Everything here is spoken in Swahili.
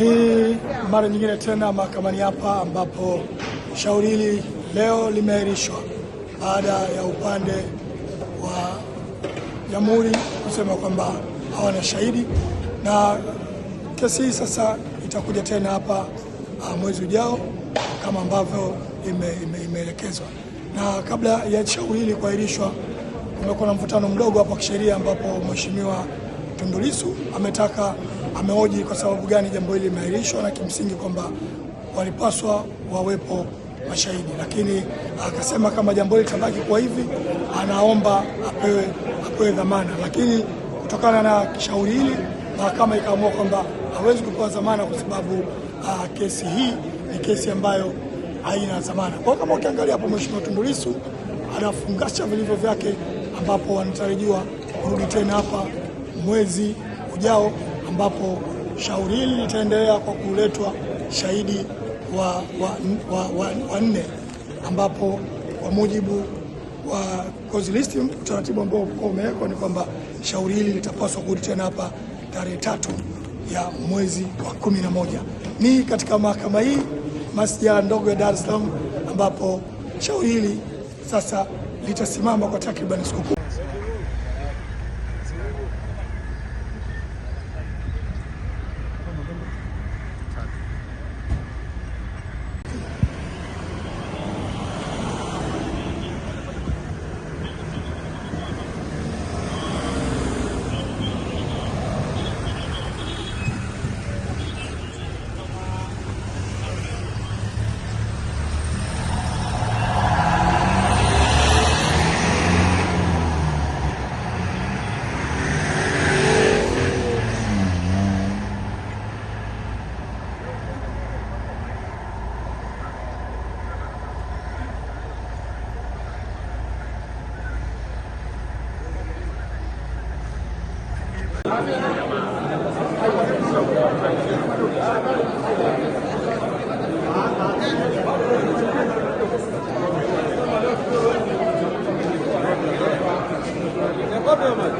Ni mara nyingine tena mahakamani hapa ambapo shauri hili leo limeahirishwa baada ya upande wa jamhuri kusema kwamba hawana shahidi, na kesi hii sasa itakuja tena hapa ah, mwezi ujao kama ambavyo imeelekezwa ime, ime na kabla ya shauri hili kuahirishwa, kumekuwa na mvutano mdogo hapa kisheria ambapo mheshimiwa Tundu Lissu ametaka amehoji kwa sababu gani jambo hili limeahirishwa, na kimsingi kwamba walipaswa wawepo mashahidi, lakini akasema kama jambo hili litabaki kwa hivi, anaomba apewe apewe dhamana, lakini kutokana na shauri hili mahakama ikaamua kwamba hawezi kupewa dhamana kwa sababu ah, kesi hii ni kesi ambayo haina dhamana. Kwa kama ukiangalia hapo, Mheshimiwa Tundu Lissu anafungasha vilivyo vyake, ambapo wanatarajiwa kurudi tena hapa mwezi ujao, ambapo shauri hili litaendelea kwa kuletwa shahidi wa, wa, wa, wa, wa nne ambapo kwa mujibu wa cause list utaratibu ambao ulikuwa umewekwa ni kwamba shauri hili litapaswa kurudi tena hapa tarehe tatu ya mwezi wa kumi na moja ni katika mahakama hii masjala ndogo ya Dar es Salaam ambapo shauri hili sasa litasimama kwa takriban siku kumi. É problema.